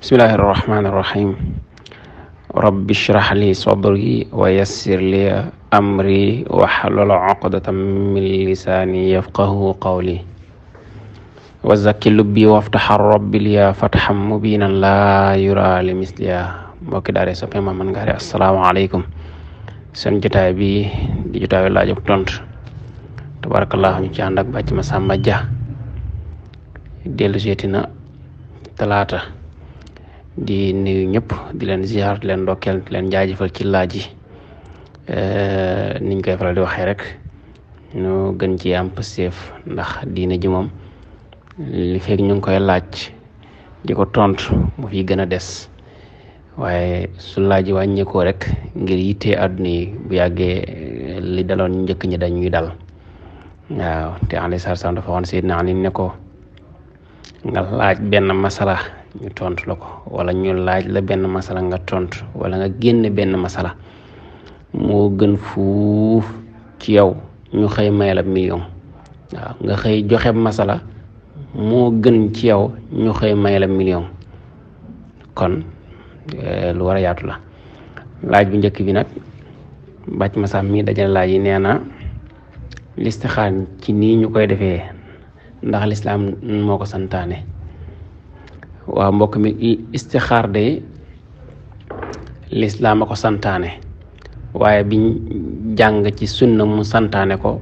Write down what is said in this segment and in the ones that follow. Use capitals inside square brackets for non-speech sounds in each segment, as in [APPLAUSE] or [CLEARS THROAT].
bismillahi irrahmani irrahim rabbi shrah li sadri wa li amri wahlul uqdatan min lisaani yafqahu qawli wa lubbi waftaha rabbi liya fathan mubinan laa yura misliya mbokki daare soppe ma man ngaari asalaamaaleykum jotaay bi di jotaay laaj ak tontu tabarakallah ñu ci ànd ak talaata di nuyu ñëpp di leen ziar di leen ndokkeel di leen jaajëfal ci laaj yi eh, niñ koy faral di waxee rek ñu gën ci am pëseef ndax dina ji moom li ñu ngi koy laaj di ko tontu mu fi gën a des waaye su laaj yi wàññeekoo rek ngir yittee àdduna yi bu yàggee li daloon njëkk ñi dañuy dal waaw te alayhi salaam dafa waxoon Seydina Ali ne ko nga laaj benn masala ñu tontu la ko wala ñu laaj la benn masala nga tontu wala nga génne benn masala moo gën fuuf ci yow ñu xëy may la million waaw nga xëy joxe masala moo gën ci yow ñu xëy may la million kon eh, lu war a yaatu la laaj bu njëkk bi nag bàcc ma sax mii dajale laaj yi nee na listixaar ci nii ñu koy defee ndax lislaam moo ko santaane waaw mbokk mi istixaar lislaam a ko santaane waaye biñ jàng ci sunna mu santaane ko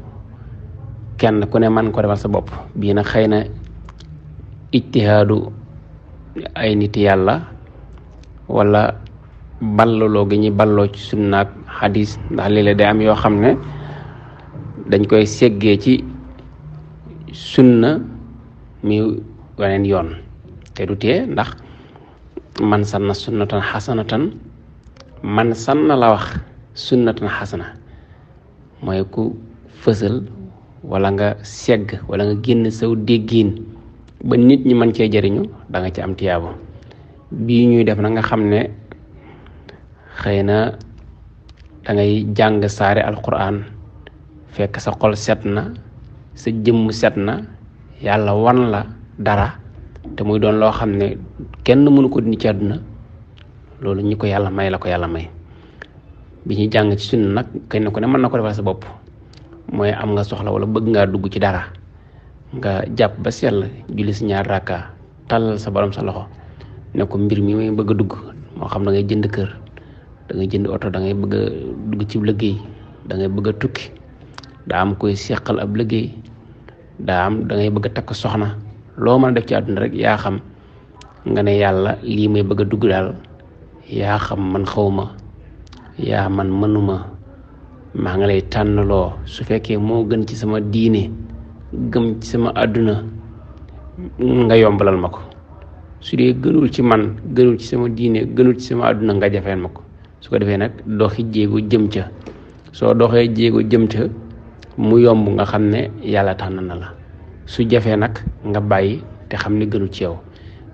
kenn ku ne man ko defal sa bopp bii na xëy na ijtihaadu ay nit yàlla wala ballaloo gi ñuy balloo ci sunna xadis ndax léeg-léeg day am yoo xam ne dañ koy séggee ci sunna mi waneen yoon te du tee ndax man sanna sunnatan xasanatan man na la wax sunnatan xasana mooy ku fësal walla nga segg wala nga génn saw déggiin ba nit ñi mën cee jariñu danga nga ci am tiyaabo bii ñuy def na nga xam ne xëy na dangay jàng saare alquran fekk sa xol set na sa jëmm set na yàlla wan la dara te muy doon loo xam ne kenn mënu ko dindi ci àdduna loolu ñi ko yàlla may la ko yàlla may bi ñuy jàng ci sunna nag kenn ku ne mën na ko defal sa bopp mooy am nga soxla wala bëgg ngaa dugg ci dara nga jàpp ba sell julli si ñaar rakka tàllal sa borom sa loxo ne ko mbir mi may bëgg a dugg moo xam da ngay jënd kër da ngay jënd oto da ngay bëgg a dugg ci liggéey da ngay bëgg tukki daa am koy seqal ab liggéey daa am da ngay bëgg a soxna lo mën def ci aduna rek ya xam nga ne yalla li may bëgg dugg dal ya xam man xawma ya man mënuma ma nga lay tànnloo su fekkee moo gën ci sama diine gëm ci sama aduna nga yombalal ma ko su dee gënul ci man gënul ci sama diine gënul ci sama aduna nga jafeel ma ko su ko defee nag doxi jéego jëm ca soo doxee jéego jëm ca mu yomb nga xam ne yàlla tànn na la su jafé nak nga bayyi te xamni gënu ci yow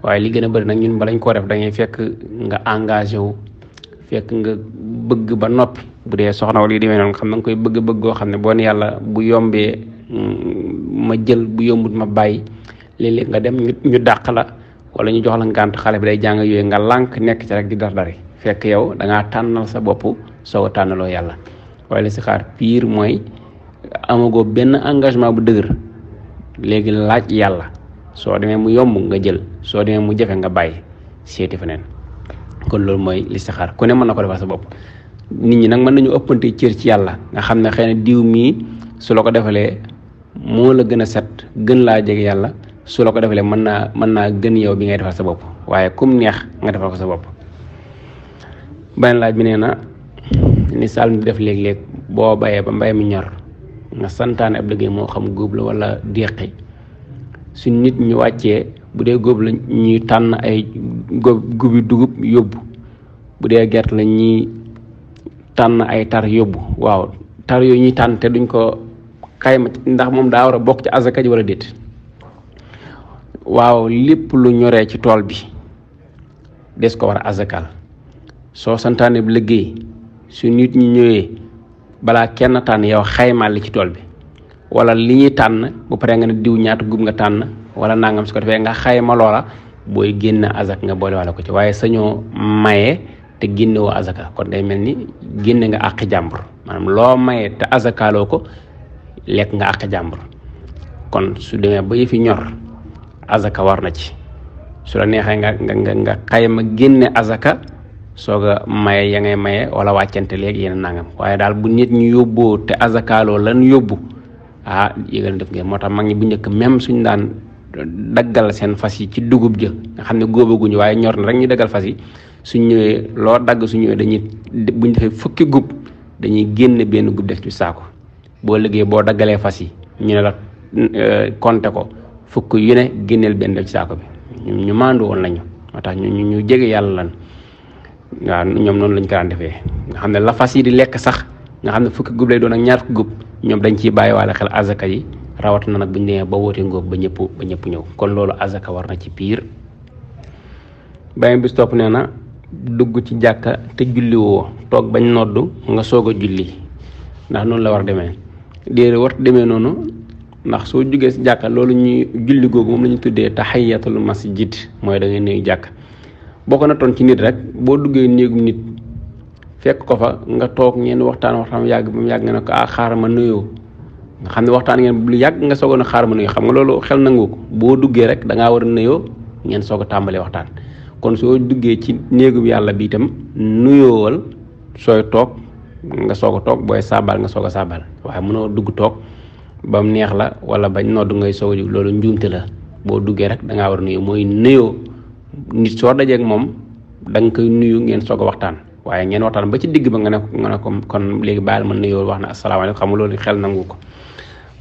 waye li gëna a bëri nag ñun balañ ko def da ngay fekk nga engagé wu fekk nga bëgg ba nopi bu dé soxna wala di demee xam na nga koy bëgg bëgg go xamni bo boo ne bu yombé mm, ma jël bu yombut ma bayyi léeg nga dem ñu dakk la wala ñu jox la ngant xalé bi day jang yoy nga lank nekk ci rek di dar dari fekk yow da nga tanal sa bop so tanalo Yalla waaye la si xaar pire moy amagoo ben engagement bu dëgër léegi laaj yàlla soo demee mu yomb nga jël soo demee mu jafe nga bàyyi seeti feneen kon loolu mooy li saxaar ku ne mën na ko defal sa bopp nit ñi nag mën nañu ëppante cër ci yàlla nga xam ne xëy na diw mii su la ko defalee moo la gën a set gën laa jeg yàlla su la ko defalee mën naa mën naa gën yow bi ngay defal sa bopp waaye kum neex nga defal ko sa bopp beneen laaj mi nee na ni Saalum di def léegi léeg boo bayee ba mbay mi ñor nga santaane ab liggéey moo xam góob la walla deqi su nit ñu wàccee bu dee góob la ñuy tànn ay gubi dugub yóbbu bu dee gerte la ñuy tànn ay tar yóbbu waaw tar yooyu ñuy tànn te duñ ko xayma ndax moom daa war a bokk ci azaka ji wala déet waaw lépp lu ñoree ci tool bi des ko war a azakal soo santaane liggéey su nit ñi ñëwee Bala kenn tan yow xaymaal li ci tool bi wala li ñuy tànn bu paree nga ne diw ñaata gub nga tànn wala nangam su ko defee nga xayma loola booy génn azak nga boole wala ko ci maye te génne woo azaka kon day mel ni génne nga àq jàmbur maye te azakaaloo ko lekk nga àq jàmbur kon su demee ba yëfi ñor azaka warna ci su la neexee nga nga nga xayma génne azaka soog a maye ya ngay maye wala wàccante léegi yeneen nangam waaye daal bu nit ñu yóbboo te azakaaloo lan yóbbu ah yégal def ngeen moo tax mag ñi bu njëkk même suñ daan daggal seen fas yi ci dugub jë nga xam ne góobaguñu waaye ñor na rek ñu daggal fas yi suñ ñëwee loo dagg suñ ñëwee dañuy buñ defee fukki gub dañuy génn benn gub def ci saako boo liggéey boo daggalee fas yi ñu ne la euh, compter ko fukk yu génneel benn def ci saako bi ñu maandu woon lañu moo tax ñu ñu jege yàlla lan waaw ñoom noonu lañ ko daan defee nga xam ne la fas yi di lekk sax nga xam ne fukki gub lay doon ak ñaar fukki gub ñoom dañ ciy bàyyiwaale xel azaka yi rawat na nag bu ñu ba wootee ngóob ba ñëpp ba ñëpp ñëw kon loolu azaka war na ci piir beneen bis topp nee na dugg ci jàkka te julli woo toog bañ noddu nga soog a julli ndax noonu la war demee déedéet war demee noonu ndax soo jugee si jàkka loolu ñuy julli googu moom la ñu tuddee tahiyatul masjid mooy da ngay nuyu jàkka boo ko ci nit rek boo duggee néegum nit fekk ko fa nga toog ngeen waxtaan waxtaan yàgg ba yàgg nga ko ah xaaral ma nuyoo nga xam ne waxtaan ngeen lu yàgg nga soogoon a xaaral ma nuyoo xam nga loolu xel nangu ko boo duggee rek a nuyoo ngeen soog a tàmbalee waxtaan kon soo duggee ci néegum yàlla bi itam nuyoowal sooy toog nga soog a toog booy saabal nga soog a saabal waaye mënoo dugg toog ba mu neex la wala bañ noddu ngay soog a jóg loolu njuumte la boo duggee rek dangaa war a nuyoo mooy nuyoo. nit soo dajee ak moom da koy nuyu ngeen soog a waxtaan waaye ngeen waxtaan ba ci digg ma nga ne nga ne ko kon léegi baal ma nuyoo wax na asalaamaaleykum xam nga loolu xel na ko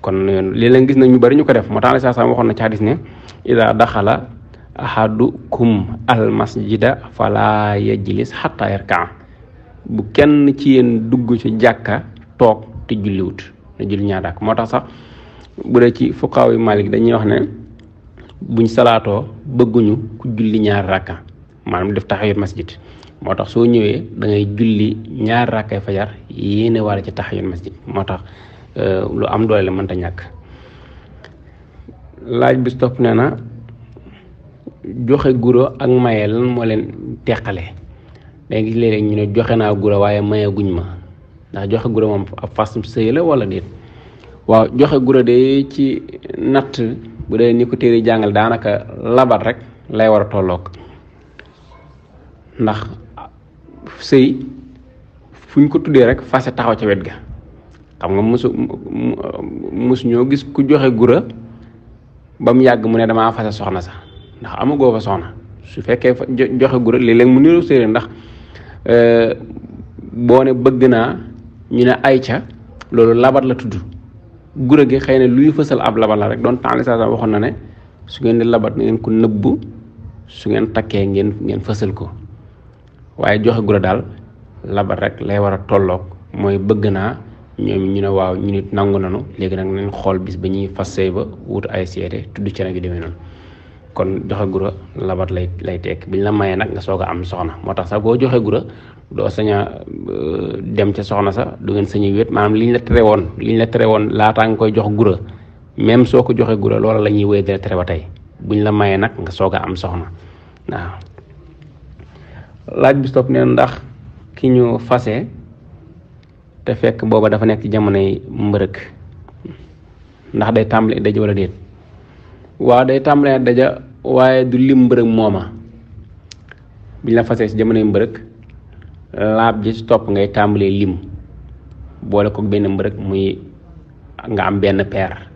kon lii la gis na ñu bari ñu ko def moo tax la saa saa waxoon na ci hadis ne ida daxala ahadukum al masjida fala yajlis hatta yarkaa bu kenn ci yéen dugg ci jàkka toog te julliwut na julli ñaar moo tax sax bu dee ci fuqaaw yi Maalik dañuy wax ne buñ salaatoo bëgguñu ku julli ñaar rakka maanaam def taxayut masjid moo tax soo ñëwee da ngay julli ñaar rakkay fajar yéene waale ci taxayut masjid moo tax euh, lu am doole la mënta ñàkk laaj bi topp nee na joxe guro ak maye lan moo leen teqale léegi léeg-léeg ñu ne joxe naa guro waaye maye guñ ma ndax joxe guro moom ab fas sëy la wala déet waaw joxe guro de ci natt bu dee ni ko téere jàngal daanaka labat rek lay war a tolloog ndax sëy fu ñu ko tuddee rek fase taxaw ca wet ga xam nga musu musu ñoo gis ku joxe gura ba mu yàgg mu ne dama fase soxna sax ndax amagoo fa soxna su fekkee joxe gura léeg-léeg mu niru séeréer ndax euh, boo ne bëgg naa ñu ne ayca loolu labat la tudd gura gi xëy na luy fësal ab labal la rek doon temps saa waxoon na ne su ngeen di labat ngeen ko nëbbu su ngeen takkee ngeen ngeen fësal ko waaye joxe gura daal labat rek lay war a tolloog mooy bëgg naa ñoom ñu ne waaw ñu nit nangu nanu léegi nag nañ xool bis ba ñuy fas sëy ba wut ay seede tudd ci nag yu demee noonu kon joxe gura labat lay lay tekk biñ la mayee nag nga soog a am soxna moo tax sax boo joxe gura doo sañ a euh, dem ca soxna sax du ngeen sañu wéet maanaam liñ la tere woon liñ la tere woon laataa nga koy jox gura même soo ko joxe gura loola la ñuy wéy dina tere ba tey buñ la mayee nag nga soog a am soxna waaw laaj bi stop neen ndax ki ñu fase te fekk booba dafa nekk ci jamonoy mbërëk ndax day tàmbali da wala déet wa day tamale dajja waye du lim mbërëg moma biñ la fassé ci jamonoy mbeureuk lab ji ci top ngay tàmbalee lim bolé ko ben mbeureuk muy nga am ben père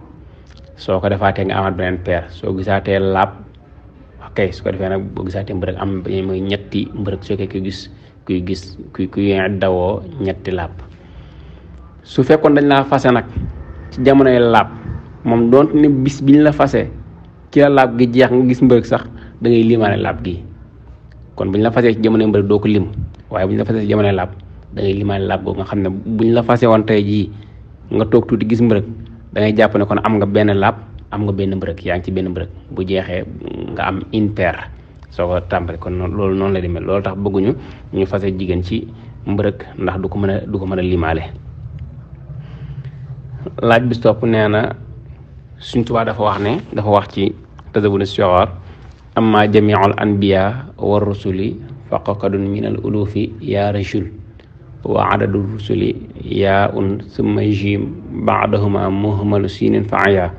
soko defaté nga amat benen père so gisaatee lab ok soko defé nak nag boo mbeureuk mbërëg am muy ñetti mbeureuk soké ko gis kuy gis kuy kuy dawoo ñetti lab su fekkon dañ la fassé nak ci jamonoy lab mom doonte ni bis biñ la fassé ci la lab gi jeex nga gis mbeug sax da ngay limane lab gi kon buñ la fasee ci jamono mbërëg doo ko lim waye buñ la fasee ci jamono lab da ngay limane lab go nga xamne buñ la fasee won tay ji nga tok tuti gis mbërëg da ngay japp ne kon am nga ben lab am nga ben mbërëg yaang ci ben mbërëg bu jeexé nga am inter so soo ko kon loolu non la mel loolu tax bëgguñu ñu fase jigen ci mbërëg ndax du ko mëna du ko mëna limalé laaj bi stop neena na suñ tubaa dafa wax ne dafa wax ci muktadabun as-sighar amma jami'ul anbiya wa rusuli faqadun min al ulufi ya rajul wa adadu rusuli ya un summa jim baadahuma muhmalu sinin faaya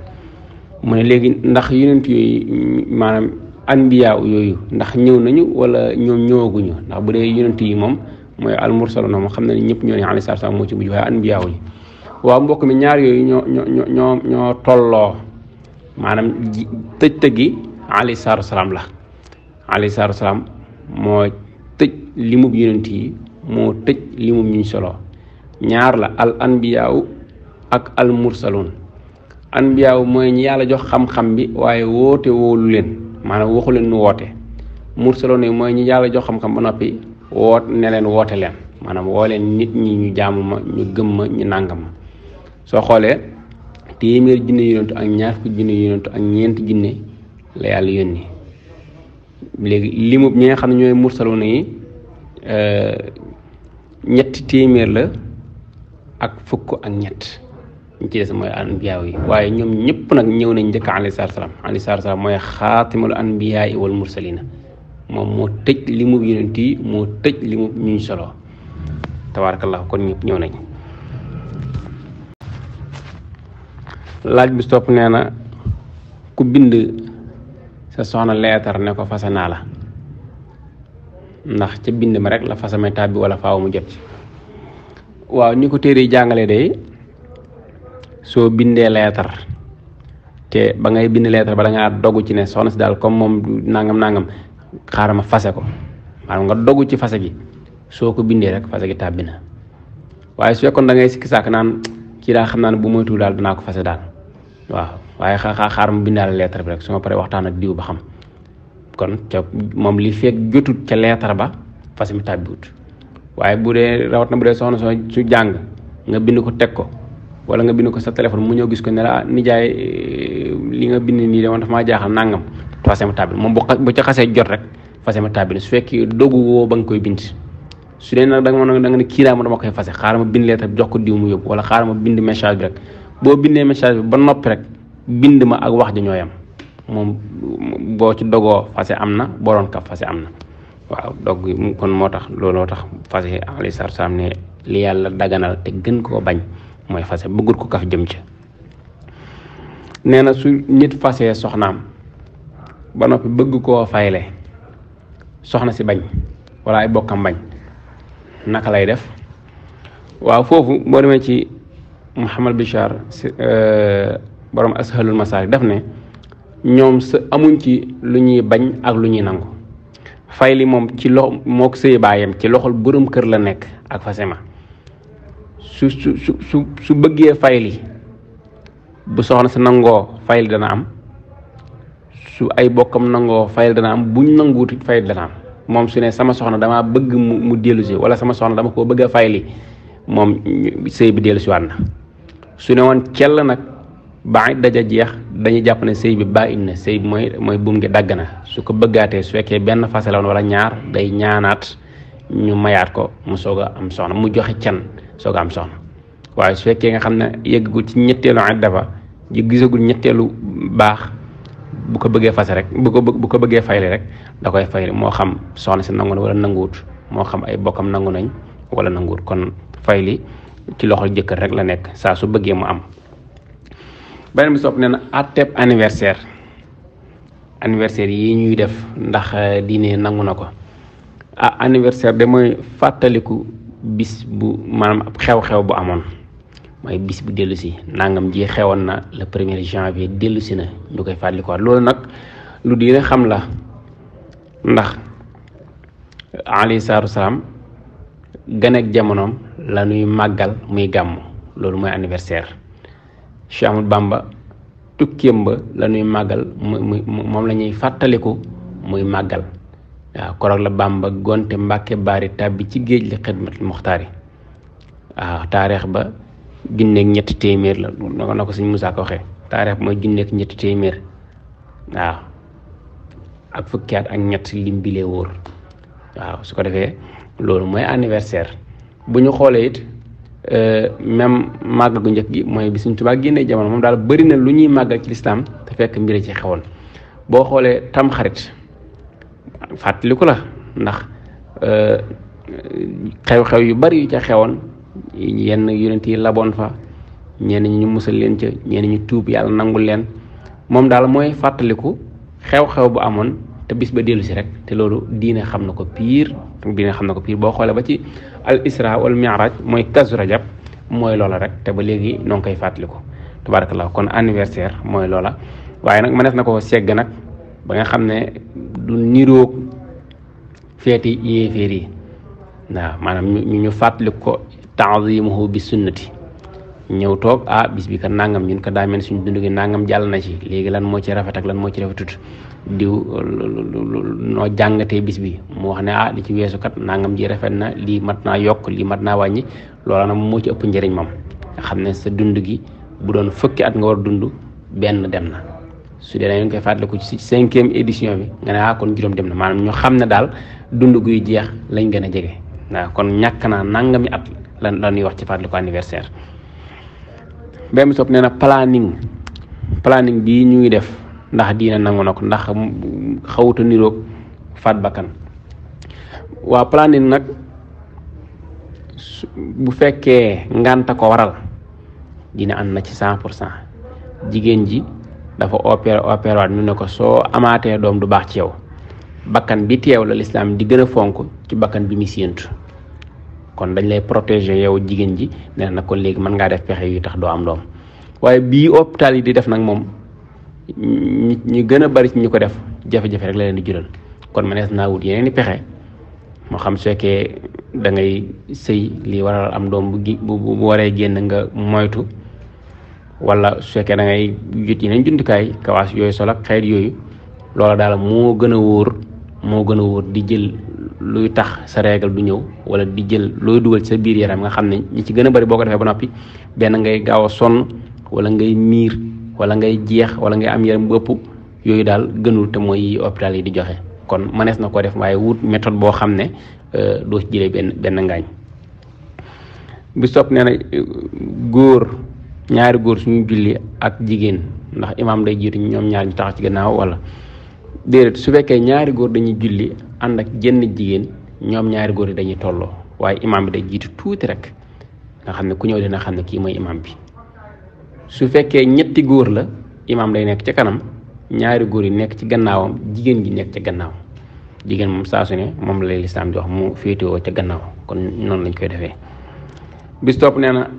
mu ne léegi ndax yonent yooyu maanaam anbiya yooyu ndax ñëw nañu wala ñoom ñëwaguñu ndax bu dee yonent yi moom mooy almursaluna moom xam na ne ñëpp ñoo ne alayhi salaam moo ci mujj waaye anbiya yi waaw mbokk mi ñaar yooyu ñoo ñoo ñoo ñoo tolloo maanaam tëj tëggi alayhi salaatu salaam la alayhi salaatu salaam moo tëj limub yonent yi moo tëj limub ñu solo ñaar la al anbiyaaw ak al mursaluun anbiyaaw mooy ñi yàlla jox xam-xam bi waaye woote woolu leen maanaam waxu leen nu woote mursaloon yi mooy ñi yàlla jox xam-xam ba noppi woo ne leen woote leen maanaam woo leen nit ñi ñu jaamu ñu gëm ñu nàngam soo xoolee téeméer junne yonentu ak ñaar fukki junne yonentu ak ñeenti junne la yàlla yónni léegi limub ñi nga xam ne ñooy mursaloon yi eh, ñetti téeméer la ak fukk ak ñett ñi ci des mooy anbiyaaw yi waaye ñoom ñëpp nag ñëw nañ njëkk ale salaatu salaam alayhi salaatu salaam mooy xaatimalu anbiyaa yi wal mursalina moom moo tëj limub yonent moo tëj limub ñuñ solo tabarakallah kon ñëpp ñëw nañ laaj bi topp nee na ku bind sa soxna leetar ne ko fase naa la ndax ca bind ma rek la fasame tab bi wala faaw mu jot waaw ni ko téere jàngalee day soo bindee leetar te ba ngay bind leetar ba ngaa dogu ci ne soxna si daal comme moom nangam nangam xaaral ma fase ko maanaam nga dogu ci fase gi soo ko bindee rek fase gi tàbbi na waaye su fekkoon da sikki sàkk naan ci la xam naa bu moytu dal dana ko fase dal waaw waaye xa xaar mu bindal lettre bi rek suma paré waxtaan ak diw ba xam kon ca mom li fek jotut ca lettre ba fase mi wut waaye bu dee rawat na bu dee soxna su jàng nga bind ko teg ko wala nga bind ko sa téléphone mu ñëw gis ko ne la ah, jaay eh, li nga bind nii de man dafa maa jaaxal nangam fase mi tabbi moom bu ca xasee jot rek mi tabbi su fekkee dogu woo ba nga koy bind su dee nag da nga da nga ne kii daa ma dama koy fase xaaral ma bind lettre jox ko diw mu yóbbu wala xaaral ma bind message bi rek boo bindee message bi ba noppi rek bind ma ak wax ji ñoo yam moom boo ci dogoo fase am na boo doon kaf fase am na waaw dog kon moo tax looloo tax fase alayhi salaatu salaam ne li yàlla daganal te gën koo bañ mooy fase bëggul ko kaf jëm ca nee na su nit fase soxnaam ba noppi bëgg koo fayle soxna si bañ wala ay bokkam bañ naka lay def waaw foofu boo demee ci Mouhamad Bichar euh, borom ashalul masaalik def ne ñoom sa amuñ ci lu ñuy bañ ak lu ñuy nangu fay li moom ci lox mook sëy baayam ci loxol borom kër la nekk ak fasema su su su su su bëggee fay li bu soxna sa nangoo fay li dana am su ay bokkam nangoo fayal dana am buñ nanguuti fayal dana am moom su ne sama soxna damaa bëgg mu mu dellusi wala sama soxna dama koo bëgg a fayli moom sëy bi dellusiwaat na su ne woon cell nag ba daja jeex dañuy jàpp ne sëy bi baa in na mooy mooy buum gi dagg na su ko bëggaatee su fekkee benn fase la wala ñaar day ñaanaat ñu mayaat ko mu soog a am soxna mu joxe cen soog am soxna waaye su fekkee nga xam ne yëggul ci ñetteelu at dafa gisagul ñetteelu baax buka ko bëggee rek bu ko bu ko bëggee fayli rek da koy fayli moo xam soxna si nangu na wala nanguwut moo xam ay bokkam nangu nañ wala nanguwut kon fayli ci loxol jëkkër rek la nekk saa su bëggee mu am. beneen bi sopp nee na àtteeb anniversaire anniversaire yi ñuy def ndax diine nangu na ko ah anniversaire de mooy fàttaliku bis bu maanaam xew-xew bu amoon. mooy bis bu dellu si nangam ji xewoon na le premier janvier dellu si na ñu koy fàttalikuwaat loolu nag lu diine xam la ndax alayhi salaatu salaam gën ak jamonoom la ñuy màggal muy gàmm loolu mooy anniversaire Cheikh Ahmadou Bamba tukkeem ba la màggal mu moom la ñuy fàttaliku muy màggal waaw koroog la Bamba gonte Mbàkke Baari tàbbi ci géej li xidmat muxtaari waaw taarix ba junneeg ñetti téeméer la naka na ko sëñ Moussa ko waxee taarix mooy junneeg ñetti téeméer waaw ak fukki at ak ñett lim bi lee waaw su ko defee loolu mooy anniversaire bu ñu xoolee it euh, même màgg gu njëkk gi mooy bi Sëñ Tuubaa génnee jamono moom daal bëri na lu ñuy màggal ci lislaam te fekk mbir ci xewoon boo xoolee tamxarit ko la ndax euh, xew-xew yu bari yu ci xewoon yenn yonent yi laboon fa ñenn ñu musal leen ca ñenn ñu tuub yàlla nangu leen moom daal mooy fàttaliku xew-xew bu amoon te bis ba dellu si rek te loolu diine xam na ko piir diine xam na ko piir boo xoolee ba ci al isra wal mi'raj mooy kazu rajab mooy loola rek te ba léegi noo ngi koy fàttaliku tabarakallah kon anniversaire mooy loola waaye nag mënees na ko segg nag ba nga xam ne du niroog feeti yéeféer yi waaw maanaam ñu ñu fàttaliku ko taazimuhu bi sunnati ñëw toog ah bis bi kat nangam ñun ko daa mel suñ dund gi nangam jàll na ci léegi lan moo ci rafet ak lan moo ci rafetut diw noo jàngatee bis bi mu wax ne ah li ci weesu kat nangam ji rafet na lii mat na yokk lii mat naa wàññi loola nag moo ci ëpp njëriñ moom nga xam ne sa dund gi bu doon fukki at nga war dund benn dem na su dee dañu koy fàttaliku ci cinquième édition bi nga ne ah kon juróom dem na maanaam ñu xam ne daal dund guy jeex lañ gën a jege waaw kon ñàkk naa nangami at lan lan ñuy wax ci ko anniversaire bem sop neena planning planning di ñu ngi def ndax diina nangu na ko ndax xawuta niroog fat bakkan wa planning nak bu fekke nganta ko waral dina an na ci 100% jigen ji dafa opere opere wat ñu ne ko so amate dom du bax ci yow bakkan bi tew la l'islam di gëna fonku ci bakkan bi mi sentu kon dañ lay protéger yow jigen ji na kon léegi man nga def pexé yu tax do am doom waye bi hôpital yi di def nak mom. ñi ñi bari ci ñi ko def jafe-jafe rek la leen di jural kon mané na wut yeneeni pexé mo xam su da ngay sey li waral am doom bu bu waré genn nga moytu wala su da ngay jitt yeneen juntukaay kawas yoy sol ak xeet yooyu loola daal moo gën a wóor di jël luy tax sa règle du ñëw wala di jël looy dugal sa biir yaram nga xam ne ñi ci gën a bari boo ko defee ba noppi benn ngay gaaw a sonn wala ngay miir wala ngay jeex wala ngay am yaram bëpp ëpp yooyu daal gënul te mooy hôpital yi di joxe kon manees na ko def waaye wut méthode boo xam ne euh, doo ci jëlee benn benn ngaañ bi sopp nee na góor ñaari góor suñu julli ak jigéen ndax imam day jiitu ñoom ñaar ñu tax ci gannaaw wala déedéet su fekkee ñaari góor dañuy julli ànd ak jenn jigéen ñoom ñaari góor yi dañuy tolloo waaye imaam bi day jiitu tuuti rek nga xam ne ku ñëw dina xam ne kii mooy imaam bi su fekkee ñetti góor la imaam day nekk ci kanam ñaari góor yi nekk ci gannaawam jigéen gi nekk ca gannaaw jigéen moom saa su ne moom lay lislaam di wax mu féetewoo ca gannaaw kon noonu lañ koy defee bis topp nee na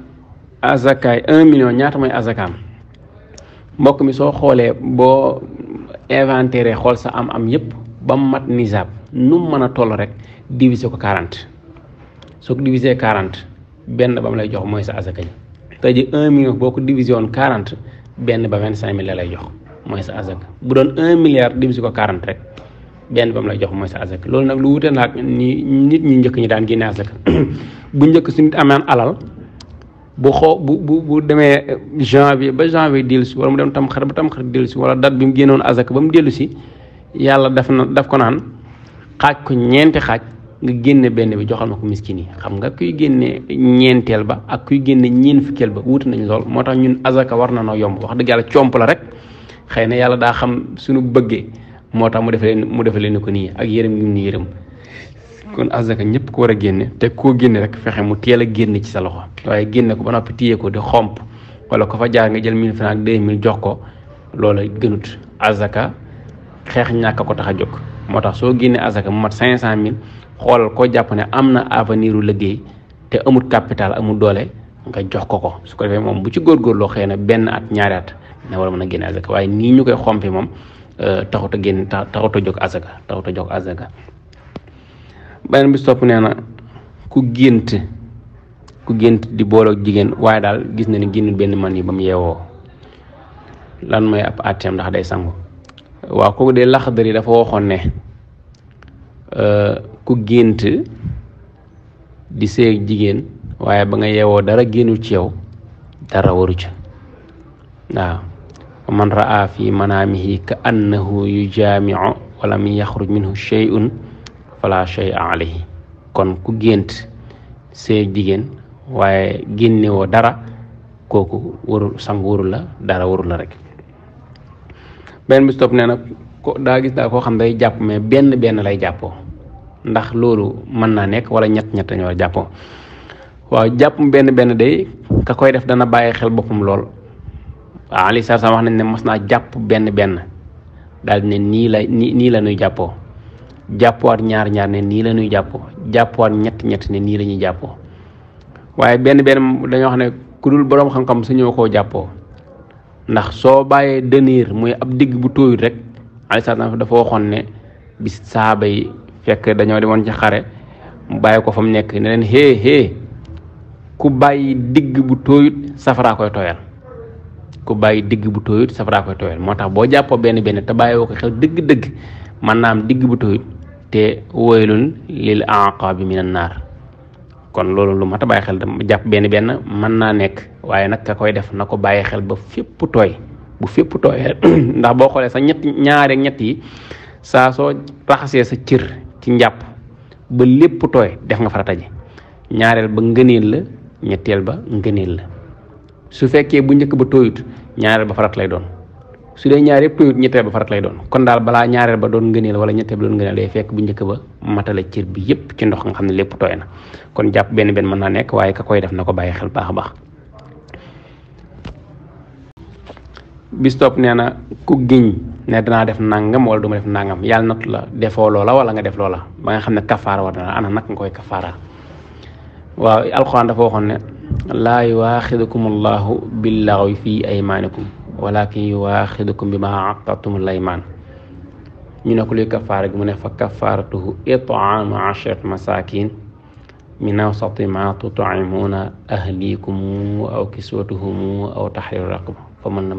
azakaay un million ñaata mooy azakaam mbokk mi soo xoolee boo inventaire xool sa am am yépp ba mu mat nisaab nu mu mën a toll rek diviser ko 40 soo ko diviser 40 benn ba mu lay jox mooy sa asaka tey ji 1 million boo ko diviser woon 40 benn ba 25 mille la lay jox mooy sa asaka bu doon un milliard diviser ko 40 rek benn ba mu lay jox mooy sa asaka loolu nag lu wute naag ni nit ñi njëkk ñi daan génne asaka [COUGHS] bu njëkk si nit amee alal. bu xoo bu bu bu demee janvier ba janvier dellu si wala mu dem tam xar ba tam xar dellu si wala date bi mu génnoon azak ba mu dellu si yàlla def na daf ko naan xaaj ko ñeenti xaaj nga génne benn bi joxal ma ko miskin yi xam nga kuy génne ñeenteel ba ak kuy génne ñeen fukkeel ba wuute nañ lool moo tax ñun azaka war na noo yomb wax dëgg yàlla comp la rek xëy na yàlla daa xam suñu bëggee moo tax mu defee mu defee leen ko nii ak yërëm gi ni yërëm kon azaka ñëpp ko war a génne te koo génne rek fexe mu teel a génne ci sa loxo waaye génne ko ba noppi téye ko di xomp wala ko fa jaar nga jël mille francs ak deux mille jox ko loola gënut azaka xeex ñàkk ko tax a jóg moo tax soo génnee asaka mu mat cinq cent mille xoolal koo jàpp ne am na avenir u liggéey te amul capital amul doole nga jox ko ko su ko defee moom bu ci góorgóorloo xëy na benn at ñaari at ne war a mën a génne asaka waaye nii ñu koy xompi moom euh, taxut a génn taxut a jóg asaka taxut a jóg asaka beneen bi sopp nee na ku gént ku gént di booloog jigéen waaye daal gis na ni génn benn man yi ba mu yeewoo lan mooy ab àtteem ndax day sangu waaw kooku de laxdar yi dafa waxoon ne euh, ku gént di seeg jigéen waaye ba nga yeewoo dara génnul ci yow dara waru ca waaw man raa fi manaamihi ka annahu yujaamiu walam yaxruj minhu shay'un fala shay'a alayhi kon ku gént seeg jigéen waaye génnewoo dara kooku waru sang waru la dara waru rek benn bi si nee na ko daa gis daa koo xam day jàpp mais benn benn lay jàppoo ndax loolu mën naa nekk wala ñett ñett dañoo jàppoo jàpp benn benn day ka koy def dana bàyyi xel boppam lool waaw Aliou nañ ne mos naa jàpp benn benn daal ne nii la nii nii la ñuy jàppoo jàppuwaat ñaar ñaar ne nii la ñuy jàppoo jàppuwaat ñett ñett ne nii la ñuy waaye benn benn dañoo xam ne ku dul boroom xam-xam suñoo koo jàppoo. ndax soo bàyyee deniir mooy ab digg bu tooyut rek aleyhi salaam dafa waxoon ne bis saaba yi fekk dañoo demoon ci xare mu bàyyi ko fa mu nekk ne leen hee hee ku bàyyi digg bu tooyut safaraa koy tooyal ku bàyyi digg bu tooyut safaraa koy tooyal moo tax boo jàppoo benn benn te bàyyi woo ko xel dëgg-dëgg man naa am digg bu tooyut te waylun lil aqaabi minan naar kon loolu lu mat a bàyyi xel dama jàpp benn benn mën naa nekk waaye nag ka koy def na ko bàyyi xel ba fépp tooy bu fépp tooyee [CLEARS THROAT] ndax boo xoolee sa ñett ñaari ñett yi saa soo raxasee sa cër ci njàpp ba lépp tooy def nga farata ji ñaareel ba ngëneel la ñetteel ba ngëneel la su fekkee bu njëkk ba tooyut ñaareel ba farat lay doon su dee ñaar yëpp pëyut ñetteel ba farat lay doon kon daal balaa ñaareel ba doon ngëneel wala ñetteel ba doon ngëneel day fekk bu njëkk ba matala cër bi yëpp ci ndox nga xam ne lépp tooy na kon jàpp benn benn mën naa nekk waaye ka koy def na ko bàyyi a baax bis nee na ku giñ ne danaa def nangam wala duma def nangam yàlla nattu la defoo loola wala nga def loola ba nga xam ne kafaara war na ana nag nga koy kafaara waaw alxuraan dafa waxoon ne laa yuwaaxidukum allahu billaxwi fii aymaanikum walakin yuwaaxidukum bimaa aqadtumul aymaan ñu ne mu ne fa kafaaratuhu it'aamu ashrati masaakin ma tut'imuuna ahlikum aw kiswatuhum mu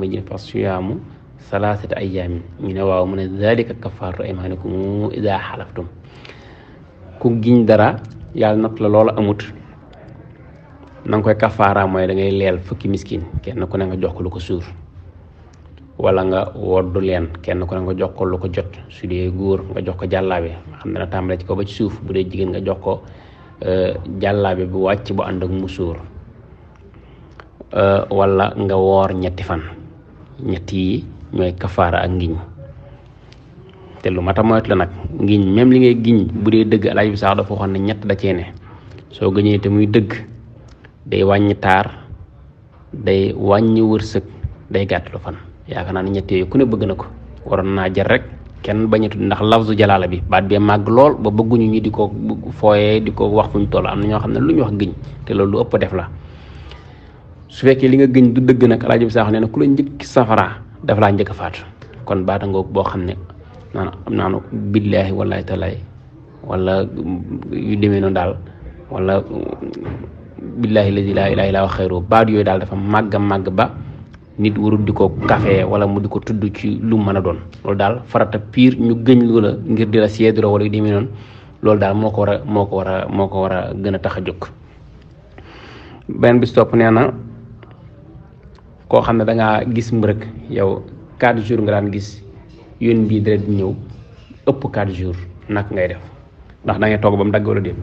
ne zaalika kafaaratu aymaanikum idaa xalaftum ku giñ dara yàlla natt amut na nga koy kafaara da ngay leel fukki miskin kenn ku ne nga jox ko ko suur wala nga woddu leen kenn ku ne nga jox ko lu ko jot su dee góor nga jox ko jàllaabe xam xam na tàmbale ci kaw ba ci suuf bu dee jigéen nga jox ko euh, jàllaabe bu wàcc bu ànd ak musuur euh, wala nga woor ñetti fan ñett yi ñooy kafaara ak ngiñ te lu mat a la nag ngiñ même li ngay giñ bu dee dëgg alaaj bi sax dafa waxoon ne ñett da cee ne soo gëñee te muy dëgg day wàññi taar day wàññi wërsëg day gàttalu fan yaakaar naa ne ñett yooyu ku ne bëgg na ko waroon naa jar rek kenn bañ a tudd ndax lafzu jalaala bi baat bee màgg lool ba bëgguñu ñi di ko fooyee di ko wax fu ñu toll am na ñoo xam ne lu ñu wax gëñ te loolu lu a def la fekkee li nga gëñ du dëgg nag alaaji bi saax na ku la safara dafa laa njëkk a kon baata ngoog boo xam ne naan am naa no billaahi wallaahi talaay wala yu demee noonu daal wala billaahi laa ilaaha illaa huwa xayru baat yooyu daal dafa màgg màgg ba nit warul diko café wala mu diko tuddu ci lu mën a doon loolu daal farata pire ñu gëñ lu la ngir di la seedula wala di demee noonu loolu daal moko wara moko wara moko wara gëna a moo ko war a gën a bis da nga gis mu yow 4 jours nga daan gis yoon bi dara di ëpp 4 jours nak ngay def ndax da ngay togg bam mu dagg wala déet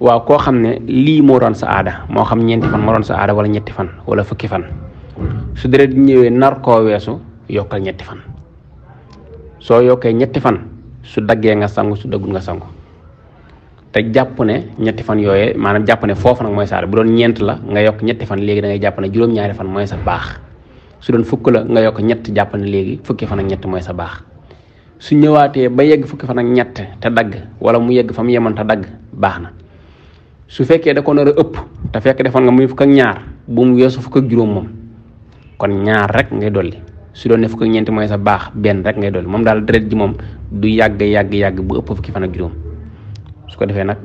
wa ko xamne li mo ron sa aada mo xam ñenti fan mo ron sa aada wala ñetti fan wala fukki fan su deret ñëwee nar koo weesu yokkal ñetti fan soo yokkee ñetti fan su daggee nga sangu su daggul nga sangu te jàpp ne ñetti fan yooyee maanaam jàpp ne foofu nag mooy saar bu doon ñeent la nga yokk ñetti fan léegi da ngay jàpp fan mooy sa baax su doon fukk la nga yokk ñett jàpp léegi fukki fan ak ñett mooy sa baax su ñëwaatee ba yegg fukki fan ak ñett te dagg wala mu yegg fa mu yemoon dagg baax na su fekkee da ko a ëpp te fekk defoon nga muy fukk ñaar bu mu weesu fukk ak juróom moom kon ñaar rek ngay doli su doone ne fukk ak ñeenti sa bax ben rek ngay doli mom dal dret ji mom du yàgg yàgg yàgg bu ëpp fukki fan ak juroom su ko defé nak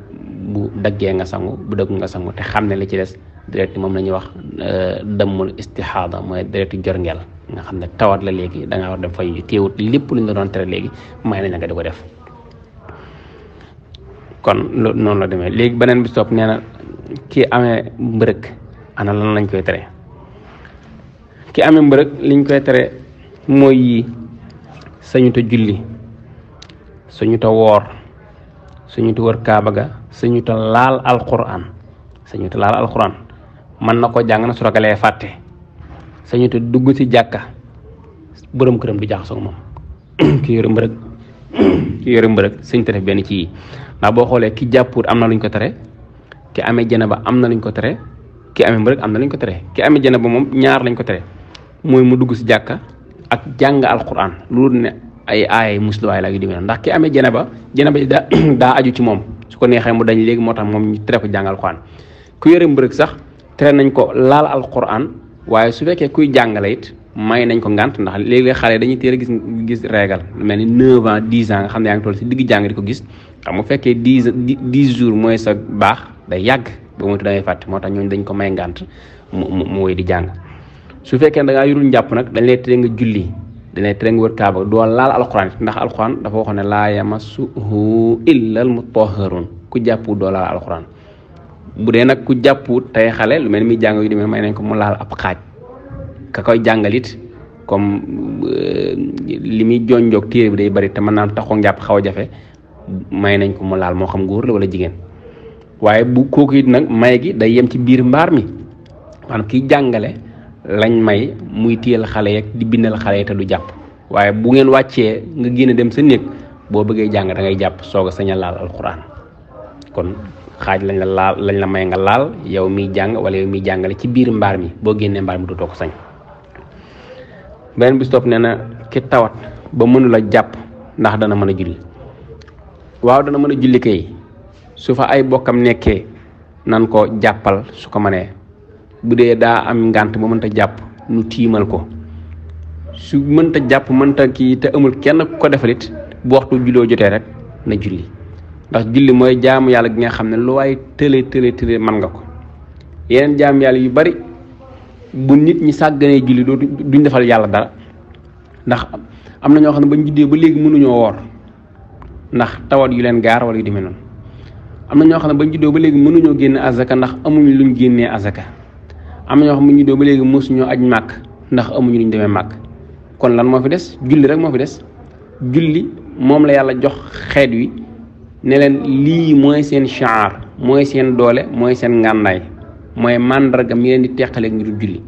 bu dagge nga sangu bu daggu nga sangu te xamne li ci des dret mom lañu wax euh damul istihada mooy deretu jorngeel nga xamne tawat la legi da nga war def fay ji téewut lépp lu nga la tere legi may nañ nga diko def kon non la demé legi benen bi topp neena ki amé mbeureuk ana lan lañ koy tere ki amé mbeureuk liñ koy téré moy yi sañu ta julli sañu ta wor sañu ta wër kaaba ga sañu ta laal alquran sañu ta laal alquran man nako jang na suragalé faté sañu ta dugg ci jakka borom kërëm du sok mom [CLEARS THROAT] ki yëre mbeureuk [CLEARS THROAT] ki yëre mbeureuk sañu ta def ben ci ba bo xolé ki jappur amna luñ ko téré ki amé ba amna luñ ko téré ki amé mbeureuk amna luñ ko téré ki amé ba ñaar lañ ko téré mooy mu dugg si jàkka ak jàng alquran loolu ne ay aayay musluwaay la yu demee ndax ki amee janaba janaba ji da [COUGHS] daa aju ci moom su ko neexee mu dañ léegi moo tax moom ñu tere ko jàng alquran ku yore mbërëg sax tere nañ ko laal alquran waaye su fekkee kuy jàngale it may nañ ko ngànt ndax léegi xale dañuy teel a gis gis régal mel ni 9 ans 10 nga xam ne yaa ngi si digg jàng di ko gis xam nga fekkee 10 10 jours mooy sa baax day yàgg ba moytu da ngay fàtte moo tax ñooñu dañ ko may ngànt mu mu di jàng. su fekkee da ngaa yorul nag dañ lay tere nga julli dañ lay tere nga wër kaaba doo laal alxuraan ndax alxuraan dafa waxoon ne laa yamassuhu illal ku jàpput doo laal alxuraan bu dee nag ku jàpput tey xale lu mel ni muy jàng may nañ ko mu laal ab koy jàngalit comme euh, li muy jonjoog téere day bari te mën naa taxoo njàpp xaw a jafe may nañ ko mu laal moo xam góor la wala jigéen waaye bu nag may gi yem ci biir mbaar mi maanaam kiy jàngale. lañ may muy tiyel xale yak di bindal xale ta du japp waye bu ngeen wacce nga génn dem sa nek bo beugay jang da ngay japp soga saña laal alquran kon xaj lañ la laal lañ la may nga laal yow mi jang wala yow mi jangale ci bir mbar mi bo gene mbar mi du tok sañ ben bis topp neena ki tawat ba la japp ndax dana mën julli waaw dana julli kay su fa ay bokam nekké nan ko jappal su ko mané bu dee daa am ngànt ba mënta jàpp nu tiimal ko su mënta jàpp mënta kii te amul kenn ko defalit bu waxtu julloo jotee rek na julli ndax julli mooy jaamu yàlla gi nga xam ne lu waaye tële tële tële man nga ko yeneen jaamu yàlla yu bari bu nit ñi sàgganee julli doo duñ defal yàlla dara ndax am na ñoo xam ne bañ juddee ba léegi mënuñoo woor ndax tawat yu leen gaar wala yu demee noonu am na ñoo xam ne bañ juddoo ba léegi mënuñoo génne azaka ndax amuñu luñ génnee azaka am ñoo xam ñu doo ba léegi mosu ñoo aj mak ndax amuñu lu ñu demee mak kon lan mo fi dess julli rek mo fi dess julli mom la yalla jox xéet wi ne len li moy seen shaar moy seen doole moy seen ngànnaay moy mandarga mi len di teqale ngir julli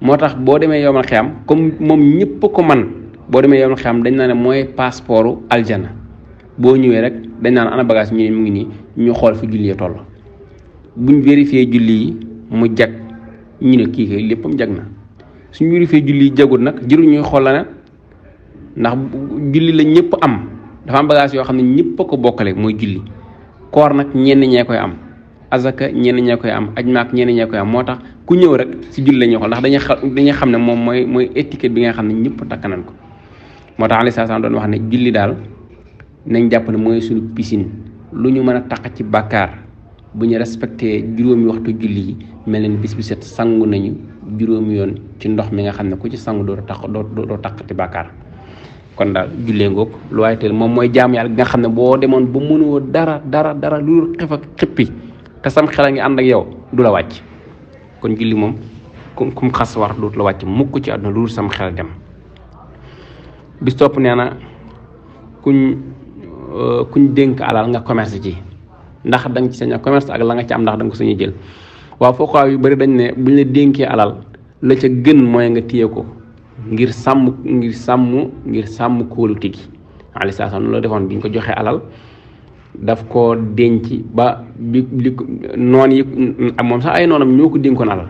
motax bo boo yowal xiyam comme mom ñepp ko man bo demee yowal xiyam dañ na né moy passeportu aljana bo ñëwee rek dañ na ana bagage ñi ne mu ngi ñu xol fi julli toll buñ vérifier julli mu jakk ñu ne kii kay léppam jag na suñu vérifié julli jagut nag jëru ñuy xool la ne ndax julli la ñëpp am dafa am yoo xam ne ñëpp a ko bokkale mooy julli koor nag ñenn ñee koy am azaka ñenn ñee koy am aj maak ñenn ñee koy am moo tax ku ñëw rek si julli la ñuy xool ndax dañuy dañuy xam ne moom mooy mooy étiquette bi nga xam ne ñëpp takk nañ ko moo tax aleyhi salaam doon wax ne julli daal nañ jàpp ne mooy suñu pisin lu ñu mën a taq ci bàkkaar bu ñu respecté juróomi waxtu julli yi mel ni bis set sangu nañu juroom yoon ci ndox mi nga xamne ku ci sangu do tax doo takkati bàkkaar kon dal julle ngok lu way teel mom moy jaam yalla nga xamne bo demone bu mënu wo dara dara dara lu xef ak xepi ta sam nga ngi ak yow du la wacc kon julli mom kum kum khas war do la wacc mukk ci aduna lu sam xel dem bis top neena na kuñ euh, kuñ denk alal nga commerce ci ndax dang ci seigne commerce ak la nga ci am ndax dang ko seigne jël waaw fooxaaw yu bari dañ ne buñ la dénkee alal la ca gën mooy nga téye ko ngir sàmm ngir sàmm ngir sàmm kóolute gi aleyhi salaam defoon bi ko joxee alal daf ko denc ba noon yi moom sax ay noonam ñoo ko dénkoon alal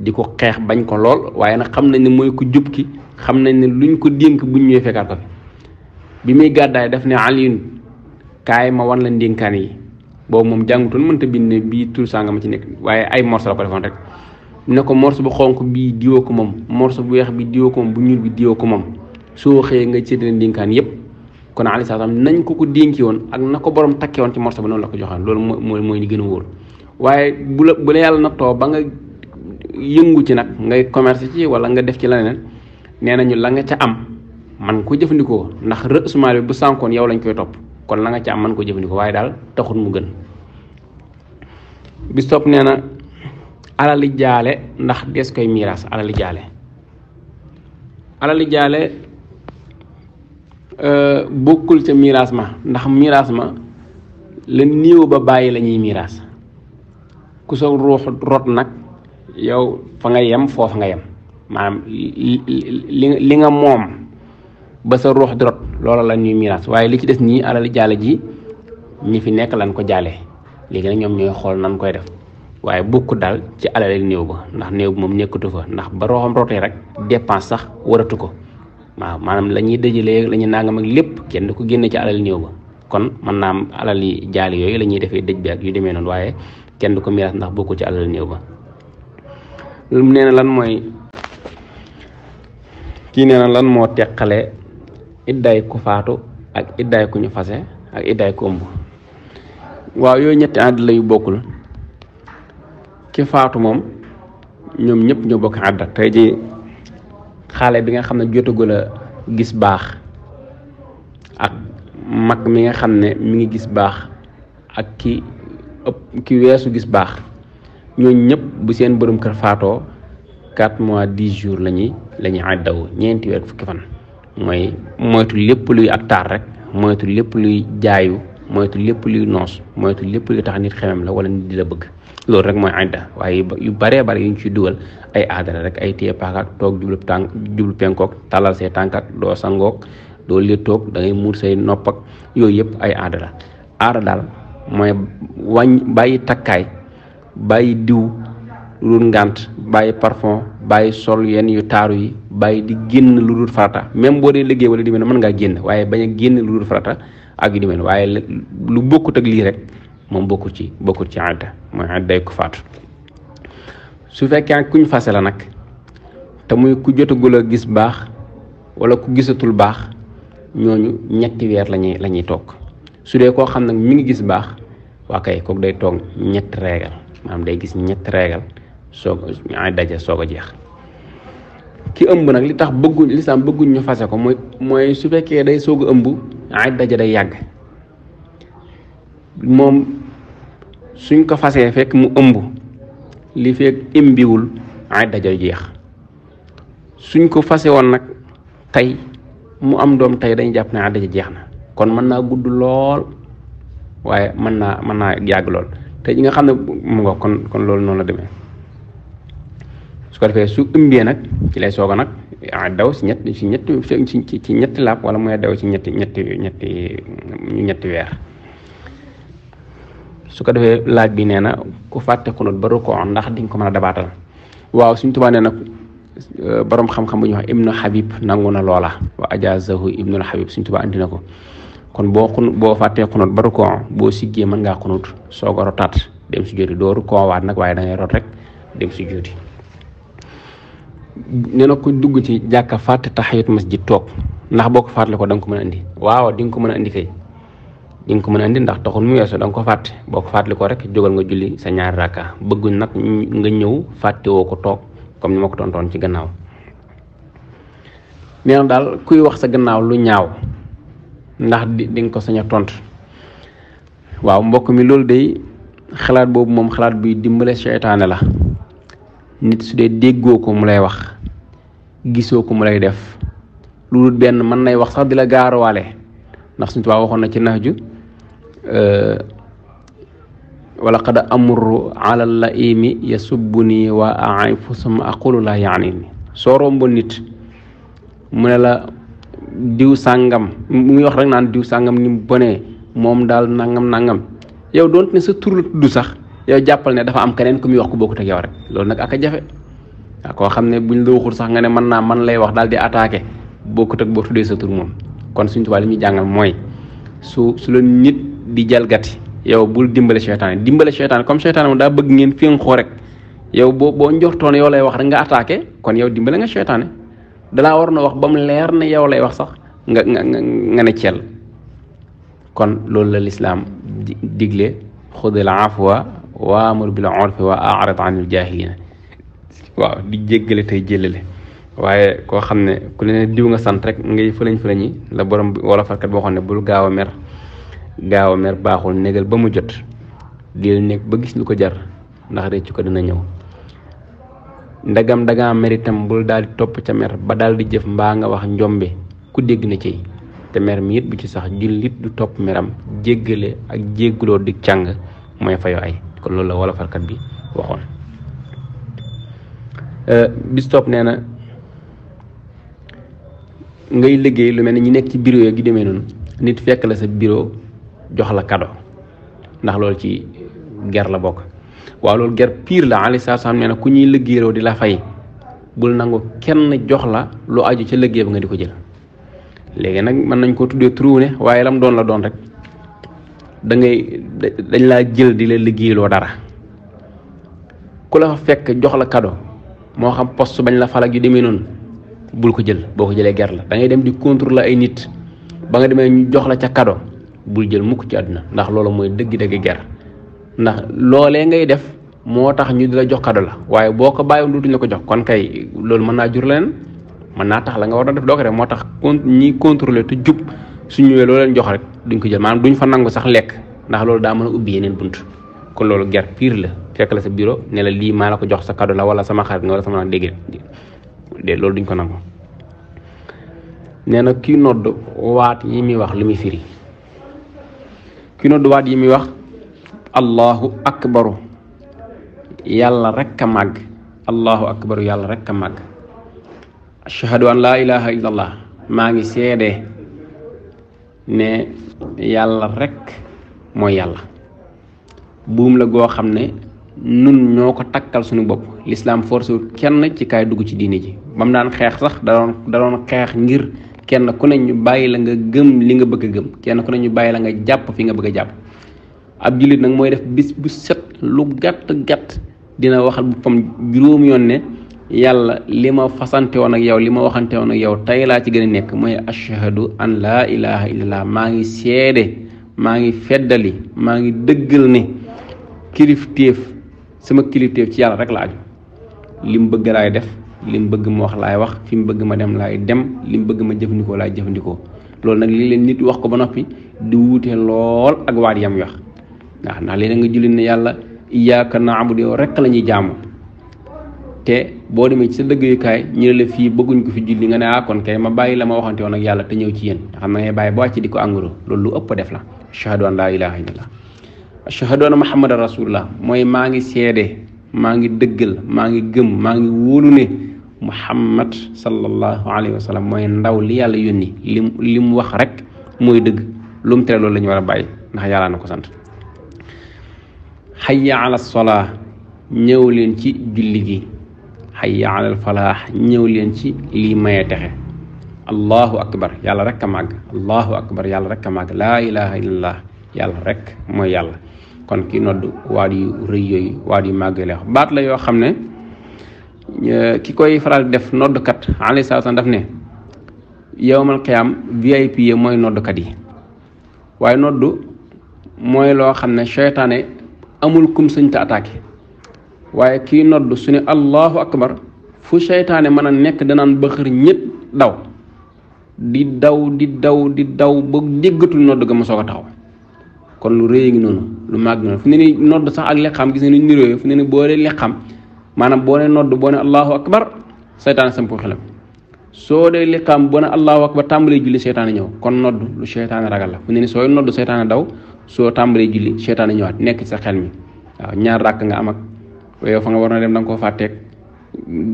di ko xeex bañ ko lool waaye nag xam nañ ne mooy ko jub ki xam nañ ne luñ ko dénk buñ ñëwee fekkaat ko bi muy gàddaay daf ne Aliyun kaay ma wan la ndénkaan yi boobu moom jàngutoon mënta bind bi bi tur sàngama ci nek waye ay morceau la ko defon rek ne ko morceau bu xonku bi diwo ko mom morceau bu wex bi diwo ko mom bu ñuul bi diwo ko mom so xé nga séddale dinkan yépp kon ali sallam nañ ko ko dénki won ak nako borom takke won ci morceau bu non la ko joxal lool moy moy li gëna woor waye bu la bu la yàlla nattoo ba nga yëngu ci nak ngay commerce ci wala nga def ci lanen nee la nga ca am man ko jëfëndiko ndax rësumaal bi bu sankon yow lañ koy top kon la nga ca am mën ko jëfandikoo waaye daal taxul mu gën bi sopp nee na alali jaale ndax des koy miiras alali jaale alali jaale euh, bokkul ca miiras ma ndax miiras ma la néew ba bàyyi la ñuy miiras ku sa ruux rot nag yow fa nga yem foofa nga yem maanaam li nga moom ba sa ruux di rot loola la ñuy miraas waaye li ci des ñii alali jaale ji ñi fi nekk lan ko jaale léegi nag ñoom ñooy xool nan koy def waaye bokkut daal ci alal néew ba ndax néew moom nekkatu fa ndax ba roxam rek dépense sax waratu ko waaw maanaam la ñuy dëjalee la ñuy nangam lépp kenn du ko génne ci alal néew ba kon mën naa am alal yi jaale yooyu lañuy defee dëj bi ak yu demee noonu waaye kenn du ko miraas ndax bokkul ci alal néew ba lu nee na lan mooy kii nee na lan moo teqale iddaay ku faatu ak iddaay ku fase ak iddaay ku ëmb waaw yooyu ñetti àdd yu bokkul ki faatu moom ñoom ñëpp ñoo bokk àdda tey ji xaale bi nga xam ne jotagul a gis baax ak mag mi nga xam ne mi ngi gis baax ak ki ëpp ki weesu gis baax ñooñ ñëpp bu seen borom kër faatoo quatre mois dix jours la ñuy la ñuy àddawu ñeenti weer fukki fan mooy moytu lépp luy ak taar rek moytu lépp luy jaayu moytu lépp luy noos moytu lépp luy tax nit xemem la wala nit di la bëgg loolu rek mooy ànda waaye yu baree bare yu ñu ciy dugal ay aadala rek ay téye paakaak toog jublu tànk jublu penkook talal see tànkat doo sangook doo léttoog da ngay muur say nopp yooyu yëpp ay aadala aada daal mooy wàññ bàyyi takkaay bàyyi diw lu ngant bàyyi parfum bàyyi sol yenn yu taaru yi bàyyi di génn lu dul farata même boo dee liggéey wala di mel ne mën ngaa génn waaye bañ a génn lu dul farata ak yu di mel waaye lu bokkut ak lii rek moom bokkul ci bokkul ci adda mooy adday ko faatu su fekkee kuñ fase la nag te muy ku jotagul a gis baax wala ku gisatul baax ñooñu ñetti weer lañuy la ñuy toog su dee koo xam nag mi ngi gis baax waa kay kooku day toog ñetti reegal maanaam day gis ñetti reegal soog a soog a jeex ki ëmb nag li tax bëgguñ lislaam bëgguñ ñu fase ko mooy mooy su fekkee day soog a ëmb ay daje day yàgg moom suñ ko fasee fekk mu ëmb li fekk imbiwul ay daja jeex suñ ko fase woon nag tey mu am doom tey dañu jàpp ne ay daje jeex na kon mën naa gudd lool waaye mën naa mën naa yàgg lool te yi nga xam ne mu nga kon kon loolu noonu la demee su ko defee su ëmbee nag ci lay soog a nag ah, daw si ñett si ñett ci ñetti laab wala muy daw ci ñetti ñetti ñetti ñetti weer su ko defee laaj bi nee na ku fàtte xunut ba rukkoo ndax diñ ko mën waaw suñ tubaa nee na eh, borom xam bu ñuy wax ibnu xabib nangu na loola wa ajazahu ibnul xabib suñ tubaa andi na ko kon boo xun boo fàttee xunut ba rukkoo boo siggee mën ngaa xunut soog a rotaat dem su jóoti doo rukkoo waat nag waaye da ngay rot rek dem su jóoti nee na ku dugg ci jàkka fàtte taxiyat masjid toog ndax boo ko fàttali ko danga ko mën a indi waaw di nga ko mën a indi di nga ko mën a indi ndax taxul mu weesu da nga ko fàtte boo ko fàttali ko rek jógal nga julli sa ñaari rakka bëggu nag nga ñëw fàtte woo ko toog comme ni ma ko tontoon ci gannaaw nee na daal kuy wax sa gannaaw lu ñaaw ndax di di ko sañ a tontu waaw mbokk mi loolu day xalaat boobu moom xalaat buy dimbale seytaane la nit su dee déggoo ko mu lay wax gisoo ko mu lay def lu dul benn man nay wax sax di la gaaruwaale ndax suñu waa waxoon na ci naaju ju wala qad amru ala laimi yasubbuni wa aifu suma aqulu la yaanini soo romboon nit mu ne la diw sàngam mu ngi wax rek naan diw sàngam ni mu bonee moom daal nangam nangam yow doonte ne sa tur la tudd sax yow jàppal ne dafa am keneen ku muy wax ku bokkut ak yow rek loolu nag ak a jafe waaw koo xam ne buñ la waxul sax nga mën naa man lay wax daal di attaqué bokkut ak boo tuddee sa moom kon suñ tubaab li muy jàngal mooy su su la nit di jalgati yow bul dimbale seytaane dimbale seytaane comme seytaane moom daa bëgg ngeen fénkoo rek yow boo boo njortoon yow lay wax rek nga attaqué kon yow dimbale nga seytaane dalaa war na wax ba mu leer ne yow lay wax sax nga nga nga ne kon loolu la lislaam digle xudil afwa waamur bil urfi wa a'rid anil jaahiliina waaw di jéggale tey jëlale waaye koo xam ne ku leen diw nga sant rek ngay fëlañ fëlañ yi la borom wala farkat boo xam ne bul gaaw a mer gaaw a mer baaxul négal ba mu jot di nekk ba gis lu ko jar ndax réccu ko dana ñëw ndagam dangaa mer itam bul daal di topp ca mer ba daal di jëf mbaa nga wax njombe ku dégg na ci te mer mi it bu ci sax jullit du topp meram jéggale ak jéggaloo di càng mooy fayoo ay kon loolu la wolofarkat bi waxoon euh, bis topp nee na ngay liggéey lu mel ne ñu nekk ci bureau yi gi demee noonu nit fekk la sa bureau jox la kado ndax loolu ci ger la bokk waaw loolu ger pire la alei satu salaam nee na ku ñuy liggéeyloo di la fay bul nangu kenn jox la lu aju ca liggéey bi nga di ko jël léegi nag mën nañ koo tuddee trou ne waaye lam doon la doon rek da ngay dañ laa jël di la liggéeyloo dara ku la fekk jox la kado moo xam post bañ la falak yu demee noonu bul ko jël boo ko jëlee ger la da ngay dem di contrôler ay nit ba nga demee ñu jox la ca kado bul jël mukk ci àdduna ndax loolu mooy dëgg-dëgg ger ndax loolee ngay def moo tax ñu di la jox kado la waaye boo ko bàyyiwoon duutuñ la ko jox kon kay loolu mën naa jur leen mën naa tax la nga war na def doo ko def moo tax ñiy contrôler te jub suñu ñëwé loolu leen jox rek duñ ko jël maanaam duñ fa nangu sax lekk ndax loolu daa mën a ubbi yeneen bunt kon loolu ger pire la fekk la sa bureau ne la lii maa la ko jox sa cadeau la wala sama xarit nga wala sama dégg de loolu duñ ko nangu nee na kii nodd waat yi muy wax li muy firi kii nodd waat yi muy wax allahu akbaru yàlla rek ka màgg allahu akbaru yàlla rek ka màgg ashhadu an la ilaha illallah maa ngi seedee ne yàlla rekk mooy yàlla buum la goo xam ne nun ñoo ko takkal suñu bopp lislaam force kenn ci kaay dugg ci diine ji ba mu daan xeex sax da doon xeex ngir kenn ku ne ñu bàyyi la nga gëm li nga bëgg a gëm kenn ku ne ñu bàyyi la nga jàpp fi nga bëgg a jàpp ab jullit nag mooy def bis bu set lu gàtt gàtt dina waxal boppam juróom yoon ne yàlla li ma fasante woon ak yow li ma waxante woon ak yow tey laa ci gën a nekk mooy ashhadu an laa ilaha illallah maa ngi seede maa ngi feddali maa ngi dëggal ne kilifteef sama kilifteef ci yàlla rek la aju li mu bëgg laay def li mu bëgg ma wax laay wax fi mu bëgg ma dem lay dem li mu bëgg ma jëfandikoo laay jëfandikoo loolu nag li leen nit wax ko ba noppi di wuute lool ak waat yam wax ndax ndax léeg nga jullit ne yàlla iyyaka naa yow rek la ñuy jaamu boo demee ci sa liggéeyukaay ñu ne la fii bëgguñ ko fi julli nga ne ah kon ma bàyyi la ma waxante woon ak yàlla te ñëw ci yéen xam na ngay bàyyi ba wàcc di ko engrais lu ëpp def la ashhadu an laa ilaha illallah ashhadu anna muhammadan rasulullah mooy maa ngi seede maa ngi dëggal maa ngi gëm maa ngi wóolu ne muhammad sallallahu alayhi wa sallam mooy ndaw li yàlla yónni lim li mu wax rek mooy dëgg lu mu tere loolu la ñu war a bàyyi ndax yàlla na ko sant hayya ala salaa ñëw leen ci julli gi xayya alal falaax ñëw leen ci lii maye texe allahu akbar yàlla rek a màgg allahu akbar yàlla rek a màgg laa ilaha illallah yàlla rek mooy yàlla kon ki noddu waat yu rëy yooyu waat yu màgg la wax baat la yoo xam ne ki koy faral def noddkat alayhi salaam daf ne yowmal qiyaam VIP yi mooy noddkat yi waaye noddu mooy loo xam ne seytaane amul kum sëñ ta waaye kii nodd su ne allahu akbar fu seytaane mën a nekk danaan bëxër ñépp daw di daw di daw di daw ba déggatul nodd ga mu soog a taxaw kon lu rëy ngi noonu lu màgg noonu fu ne ni nodd sax ak leqam gis ne ni niróo fu ne ni boo dee leqam maanaam boo ne nodd boo ne allahu akbar seytaane samp xelam soo dee liqaam boo ne allahu akbar tàmbalee julli seytaane ñëw kon nodd lu seytaane ragal la fu ne ni sooy nodd seytaane daw soo tàmbalee julli seytaane ñëwaat nekk sa xel mi waaw ràkk nga ak yow fa nga war na dem da nga koo fàtteeg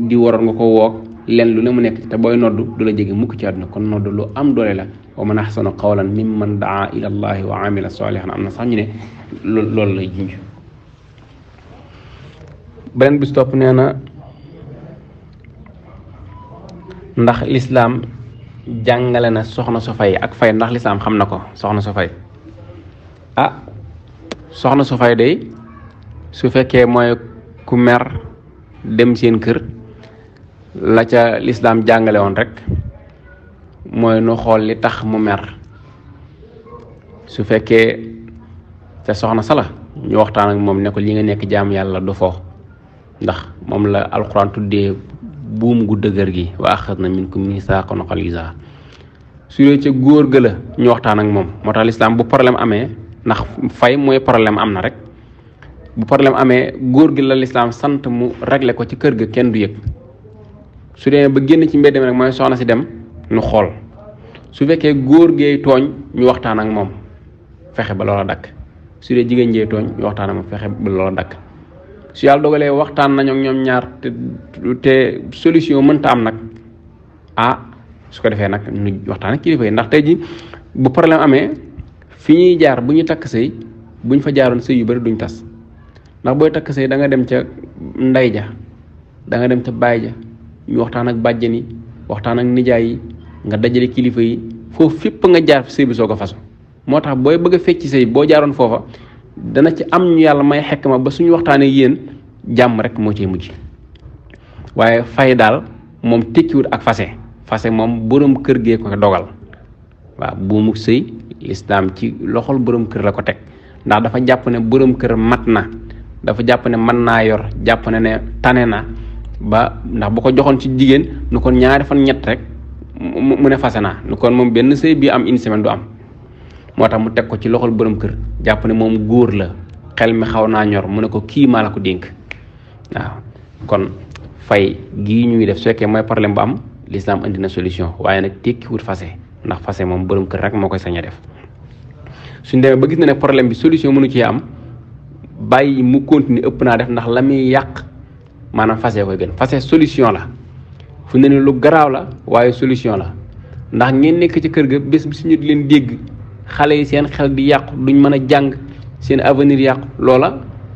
di waroon nga ko woog len lu ne mu nekk te booy noddu du la jege mukk ci àdduna kon noddu lu am doole la wa man ahsanu qawlan mimman daa ila allahi wa amila salihan am na sax ñu ne loolu lay junj beneen bis nee na ndax lislaam jàngale na soxna su fay ak fay ndax lislaam xam na ko soxna su fay ah soxna su fay day su fekkee mooy ku mer dem seen kër la ca lislaam jàngale woon rek mooy nu xool li tax mu mer su fekkee ca soxna sala ñu waxtaan ak moom ne ko nga nekk jaam yàlla du fo ndax moom la alxuraan tuddee buum gu dëgër gi wa axadna minkum misaaqan xaliisa su dee ca góor ga la ñu waxtaan ak moom moo tax lislaam bu problème amee ndax fay mooy problème am na rek bu problème amé góor gi la l'islam sante mu régler ko ci kër ga kenn du yek su dé ba génn ci mbedd mi moy soxna ci dem nu xol su féké góor geey togn ñu waxtaan ak mom fexé ba loola dak su dé jigéen jee togn ñu waxtaan ak moom fexe ba loola dak su yalla dogalé waxtaan nañ ak ñom ñaar té te solution ta am nak a ah, su ko défé nak ñu waxtaan ak kilifa yi ndax tay ji bu problème amé fi ñuy jaar bu ñu takk sëy buñ fa jaaroon sey yu bari duñ tass ndax booy takk sëy da dem ca ndey ja danga dem ca baay ja ñu waxtaan ak bàjjen yi waxtaan ak nijaay yi nga dajale kilifa yi foofu fépp nga jaar sëy soo ko façon moo tax booy bëgg a fecc sëy boo jaaroon foofa dana ci am ñu yàlla may xekk ma ba suñu waxtaanee yéen jàmm rek moo ciy mujj waaye fay daal moom tekkiwut ak fase fase moom borom kër gee ko dogal waaw buumu sëy lislaam ci loxol borom kër la ko teg ndax dafa jàpp ne borom kër mat na dafa japp ne man na yor japp ne ne tane na ba ndax bu ko joxon ci jigen nu kon ñaari fan ñet rek mu ne fasena nu kon mom ben sey bi am une semaine du am moo mu tek ko ci loxol borom keur japp ne mom goor la xel mi xawna ñor mu ne ko ki mala ko denk waaw kon fay gi ñuy def su moy problème bu am l'islam andi na solution waye nak tekki wut fase ndax fase mom borom keur rek koy def suñu demee ba gis na ne problème bi solution mënu ci am bàyyi mu continuer ëpp naa def ndax la muy yàq maanaam fase ya koy gën fase ya solution la fu ne ni lu garaaw la waaye solution la ndax ngeen nekk ci kër ga bés bi suñu di leen dégg xale yi seen xel di yàqu duñ mën a jàng seen avenir yàqu loola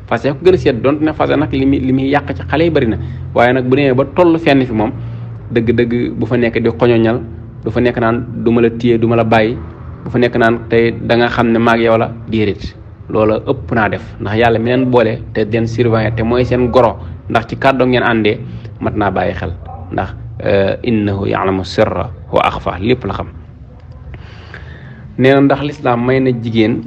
fase ya ko gën a seet donte ne fase nag li muy li muy yàq ci xale yi bari na waaye nag bu demee ba toll fenn fi moom dëgg-dëgg bu fa nekk di xoñoñal du fa nekk naan du ma la téye du la bàyyi bu fa nekk naan tey da nga xam ne yow la déedéet loola ëpp naa def ndax yàlla mi leen boole te den surveiller te mooy seen goro ndax ci kàddu ngeen àndee mat naa bàyyi xel ndax euh, innahu yaalamu sirra wa axfa lépp la xam nee na ndax lislaam may na jigéen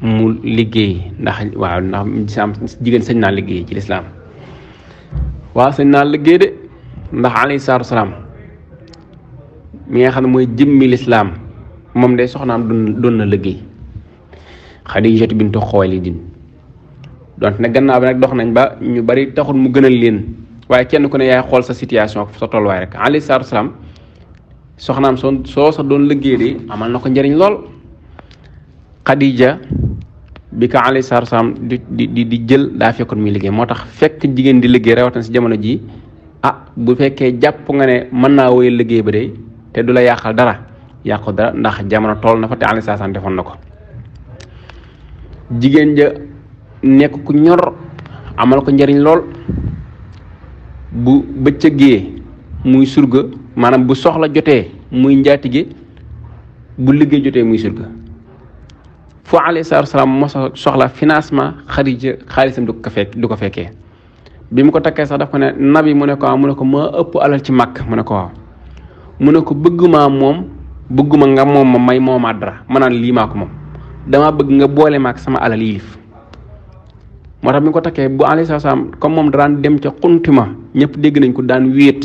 mu liggéey ndax waaw ndax lislaam jigéen sëñ naa liggéey ci lislaam waaw sëñ naa liggéey ndax alayhi salaatu mi nga xam ne mooy jëmmi lislaam moom de soxnaam doon doon na liggéey xadijatu bintu xoolidin donte nag gannaaw bi nag dox nañ ba ñu bari taxul mu gënal leen waaye kenn ku ne yaay xool sa situation ak sa tolluwaay rek alayhi salaatu salaam soxnaam soo soo sa doon liggéey de amal na ko njëriñ lool xadija bi ko alayhi di di di jël daa fekkoon muy liggéey moo fekk di si jamono ji ah bu fekkee jàpp nga ne mën naa woy liggéey ba te du la dara yàqu dara ndax jamono tol na fa te alayhi ko jigen ja nek ku ñor amal ko njariñ lol bu bëccëgee muy surga manam bu soxla joté muy njaatige bu liggéey joté muy surga fo alayhi salatu wasalam mo soxla financement kharija khalisam du ko fek du ko fekke bimu ko takke sax daf ko ne nabi mu ne ko mu ne ko ma upp alal ci mak mu ne ko mu ne ko bëgguma mom bëgguma nga mom ma may moma dara manan li mako mom dama bëgg nga boole ma sama alal yiif moo tax bi ko takkee bu alayhi salaam comme moom daan dem ca xuntima ñëpp dégg nañ ko daan wéet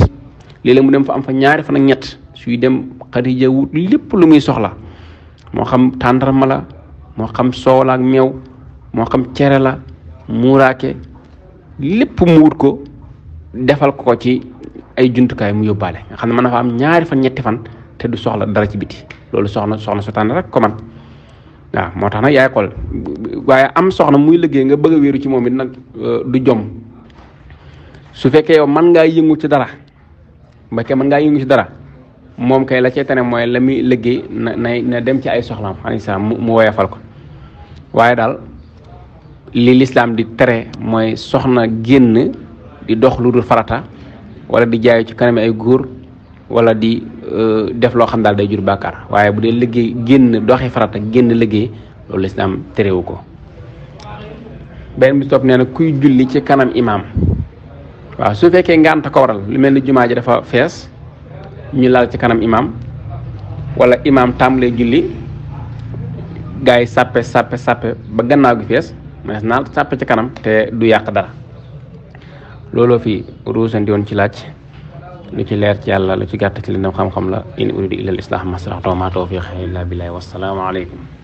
léeg mu dem fa am fa ñaari fan ak ñett suy dem Xadija wut lépp lu muy soxla moo xam tàndarma la moo xam soola ak meew moo xam cere la muuraake lépp mu wut ko defal ko ci ay jumtukaay mu yóbbaale nga xam ne mën na fa am ñaari fan ñetti fan te du soxla dara ci biti loolu soxna soxna sa tànn rek ko man moo tax na yaay xool waaye am soxna muy liggéey nga bëgg wéeru ci moom it nag euh, du jom su fekkee yow mën ngaa yëngu ci dara ba mën ngaa yëngu ci dara moom kay la cay tane mooy la muy liggéey na dem ci ay soxlaam alayhi salaam mu mu woyofal ko waaye daal li lislaam di tere mooy soxna génn di dox lu dul farata wala di jaayu ci kanami ay góor wala di eh, def lo xam dal day jur bàkkaar waye bu de liggey genn doxé farata génn liggéey loolu lislaam terewu ko benn bi topp nee kuy julli ci kanam imam wa su fekkee ngant ko waral lu melni ni ji dafa fess ñu laal ci kanam imam wala imam tamlé julli gaa yi sàppe sàppe ba gannaaw gi fess mais naa sàppe ci kanam té du yaq dara looloo fi ruusanti woon ci laaj lu ci leer ci yàlla lu ci gàtt ci li nam xam-xam la in uridu illa al islah mastrato ma tawfiqi illa billahi wassalaamu aleykum